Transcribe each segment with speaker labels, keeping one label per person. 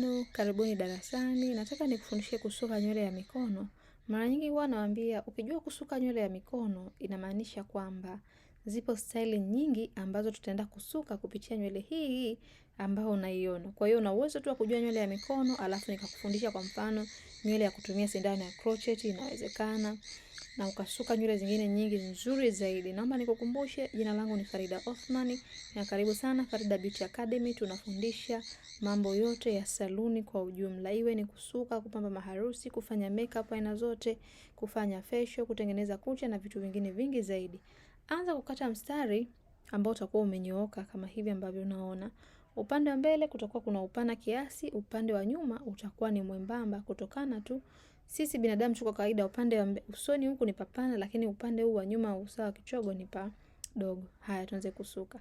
Speaker 1: No, karibuni darasani. Nataka nikufundishe kusuka nywele ya mikono. Mara nyingi huwa nawaambia ukijua kusuka nywele ya mikono inamaanisha kwamba zipo staili nyingi ambazo tutaenda kusuka kupitia nywele hii hii ambayo unaiona. Kwa hiyo una uwezo tu wa kujua nywele ya mikono, alafu nikakufundisha kwa mfano nywele ya kutumia sindano ya crochet inawezekana, na ukasuka nywele zingine nyingi nzuri zaidi. Naomba nikukumbushe, jina langu ni Farida Othman, na karibu sana Farida Beauty Academy. Tunafundisha mambo yote ya saluni kwa ujumla, iwe ni kusuka, kupamba maharusi, kufanya makeup aina zote, kufanya facial, kutengeneza kucha na vitu vingine vingi zaidi anza kukata mstari ambao utakuwa umenyooka kama hivi ambavyo unaona. Upande wa mbele kutakuwa kuna upana kiasi, upande wa nyuma utakuwa ni mwembamba kutokana tu sisi binadamu tuko kawaida, upande wa usoni huku ni papana, lakini upande huu wa nyuma usawa wa kichogo ni pa dogo. Haya, tuanze kusuka.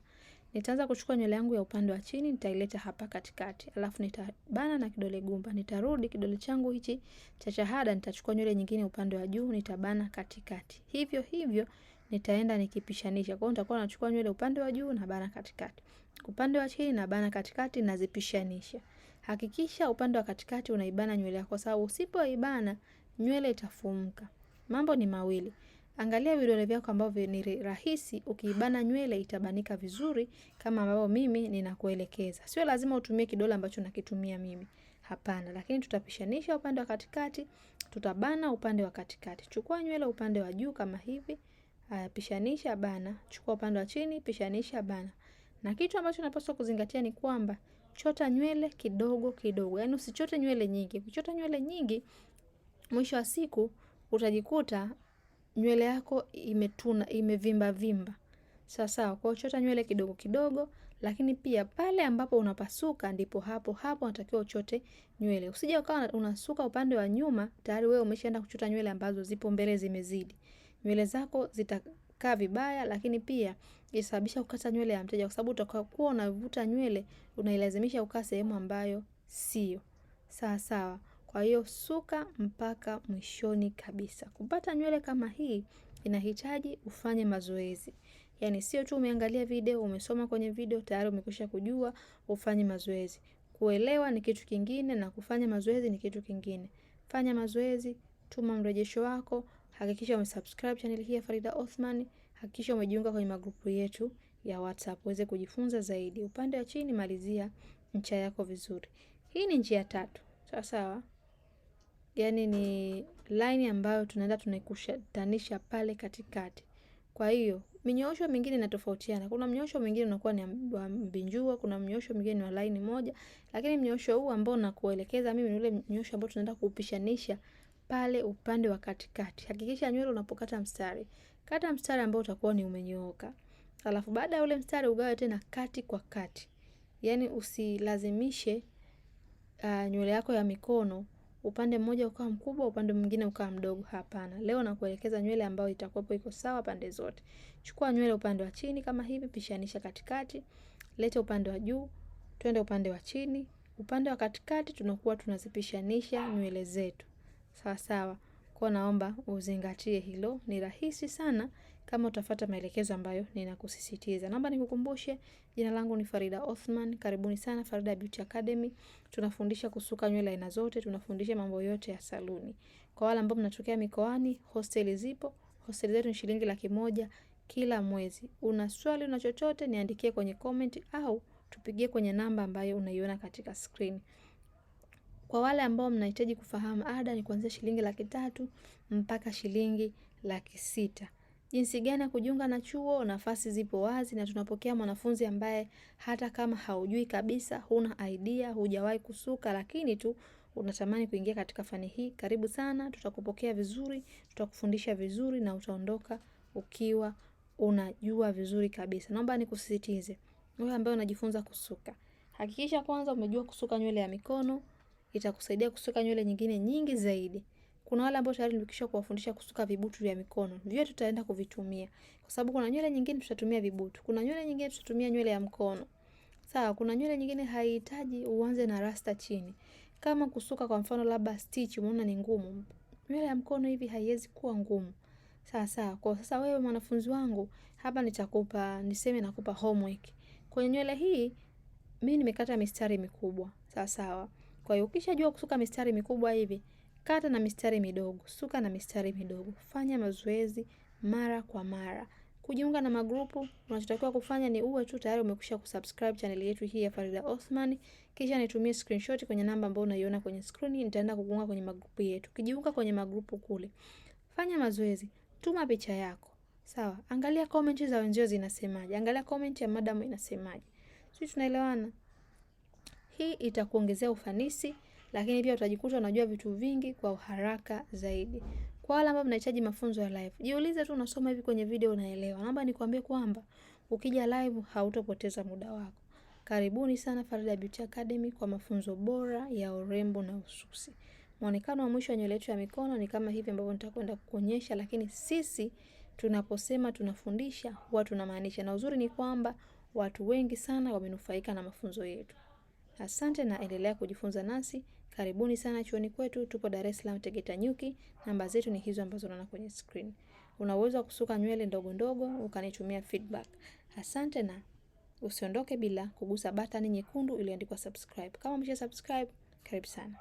Speaker 1: Nitaanza kuchukua nywele yangu ya upande wa chini, nitaileta hapa katikati, alafu nitabana na kidole gumba. Nitarudi kidole changu hichi cha shahada, nitachukua nywele nyingine upande wa juu, nitabana katikati, hivyo hivyo nitaenda nikipishanisha. Kwa hiyo nitakuwa nachukua nywele upande wa juu na bana katikati, upande wa chini na bana katikati, nazipishanisha. Hakikisha upande wa katikati unaibana nywele yako, sababu usipoibana nywele itafumka. Mambo ni mawili. Angalia vidole vyako ambavyo ni rahisi, ukiibana nywele itabanika vizuri kama ambavyo mimi ninakuelekeza. Sio lazima utumie kidole ambacho nakitumia mimi. Hapana, lakini tutapishanisha upande wa katikati, tutabana upande wa katikati. Chukua nywele upande wa juu kama hivi. Haya, pishanisha bana, chukua upande wa chini, pishanisha bana. Na kitu ambacho unapaswa kuzingatia ni kwamba chota nywele kidogo kidogo, yaani usichote nywele nyingi. Ukichota nywele nyingi, mwisho wa siku utajikuta nywele yako imetuna, imevimba vimba, sawa sawa. Kwa hiyo chota nywele kidogo kidogo, lakini pia pale ambapo unapasuka ndipo hapo hapo unatakiwa uchote nywele. Usije ukawa unasuka upande wa nyuma, tayari wewe umeshaenda kuchota nywele ambazo zipo mbele zimezidi nywele zako zitakaa vibaya, lakini pia itasababisha kukata nywele ya mteja, kwa sababu utakuwa unavuta nywele unailazimisha ukaa sehemu ambayo sio sawa sawa. Kwa hiyo suka mpaka mwishoni kabisa. Kupata nywele kama hii inahitaji ufanye mazoezi, yani sio tu umeangalia video, umesoma kwenye video tayari umekwisha kujua, ufanye mazoezi. Kuelewa ni kitu kingine na kufanya mazoezi ni kitu kingine. Fanya mazoezi, tuma mrejesho wako, Hakikisha umesubscribe channel hii ya Farida Othman. Hakikisha umejiunga kwenye magrupu yetu ya WhatsApp uweze kujifunza zaidi. Upande wa chini malizia ncha yako vizuri. Hii ni njia tatu, sawa sawa. Yani ni line ambayo tunaenda tunaikushatanisha pale katikati. Kwa hiyo minyoosho mingine inatofautiana. Kuna mnyoosho mwingine unakuwa ni wa mbinjua, kuna mnyoosho mwingine ni wa line moja, lakini mnyoosho huu ambao nakuelekeza mimi ni ule mnyoosho ambao tunaenda kuupishanisha pale upande wa katikati. Hakikisha nywele unapokata mstari, kata mstari ambao utakuwa ni umenyooka, alafu baada ya ule mstari ugawe tena kati kwa kati, yani usilazimishe uh, nywele yako ya mikono upande mmoja ukawa mkubwa upande mwingine ukawa mdogo. Hapana, leo nakuelekeza nywele ambayo itakuwepo iko sawa pande zote. Chukua nywele upande wa chini kama hivi, pishanisha katikati, leta upande wa juu, twende upande wa chini, upande wa katikati, tunakuwa tunazipishanisha nywele zetu sawa. Kwa naomba uzingatie hilo, ni rahisi sana kama utafata maelekezo ambayo ninakusisitiza. Naomba nikukumbushe, jina langu ni Farida Othman. Karibuni sana Farida Beauty Academy. Tunafundisha kusuka nywele aina zote, tunafundisha mambo yote ya saluni. Kwa wale ambao mnatokea mikoani, hosteli zipo. Hosteli zetu ni shilingi laki moja kila mwezi. Una swali una chochote, niandikie kwenye comment au tupigie kwenye namba ambayo unaiona katika screen. Kwa wale ambao mnahitaji kufahamu ada ni kuanzia shilingi laki tatu mpaka shilingi laki sita. Jinsi gani ya kujiunga na chuo? Nafasi zipo wazi na tunapokea mwanafunzi ambaye hata kama haujui kabisa, huna idea, hujawahi kusuka, lakini tu unatamani kuingia katika fani hii. Karibu sana, tutakupokea vizuri, tutakufundisha vizuri na utaondoka ukiwa unajua vizuri kabisa. Naomba nikusisitize, wewe ambaye unajifunza kusuka, hakikisha kwanza umejua kusuka nywele ya mikono, itakusaidia kusuka nywele nyingine nyingi zaidi. Kuna wale ambao tayari nimekisha kuwafundisha kusuka vibutu vya mikono. vyote tutaenda kuvitumia. Kwa sababu kuna nywele nyingine tutatumia vibutu. Kuna nywele nyingine tutatumia nywele ya mkono. Sawa, kuna nywele nyingine haihitaji uanze na rasta chini. Kama kusuka kwa mfano labda stitch umeona ni ngumu. Nywele ya mkono hivi haiwezi kuwa ngumu. Sawa sawa. Kwa sasa wewe mwanafunzi wangu, hapa nitakupa, niseme nakupa homework. Kwenye nywele hii, mimi nimekata mistari mikubwa. Sawa sawa. Kwa hiyo ukishajua kusuka mistari mikubwa hivi, kata na mistari midogo, suka na mistari midogo. Fanya mazoezi mara kwa mara. Kujiunga na magrupu, unachotakiwa kufanya ni uwe tu tayari umekwisha kusubscribe channel yetu hii ya Farida Othman, kisha nitumie screenshot kwenye namba ambayo unaiona kwenye screen, nitaenda kukuunga kwenye magrupu yetu. Kijiunga kwenye magrupu kule, fanya mazoezi, tuma picha yako, sawa? Angalia comment za wenzio zinasemaje, angalia comment ya madam inasemaje, sisi tunaelewana. Hii itakuongezea ufanisi, lakini pia utajikuta unajua vitu vingi kwa uharaka zaidi. Kwa wale ambao mnahitaji mafunzo ya live, jiulize tu unasoma hivi kwenye video unaelewa. Naomba nikwambie kwamba ukija live hautopoteza muda wako. Karibuni sana Farida Beauty Academy kwa mafunzo bora ya urembo na ususi. Muonekano wa mwisho wa nywele yetu ya mikono ni kama hivi ambavyo nitakwenda kukuonyesha, lakini sisi tunaposema tunafundisha huwa tunamaanisha, na uzuri ni kwamba watu wengi sana wamenufaika na mafunzo yetu. Asante na endelea kujifunza nasi. Karibuni sana chuoni kwetu, tupo Dar es Salaam Tegeta Nyuki. Namba zetu ni hizo ambazo unaona kwenye screen. Una uwezo wa kusuka nywele ndogo ndogo, ukanitumia feedback. Asante na usiondoke bila kugusa batani nyekundu iliyoandikwa subscribe. Kama umesha subscribe, karibu sana.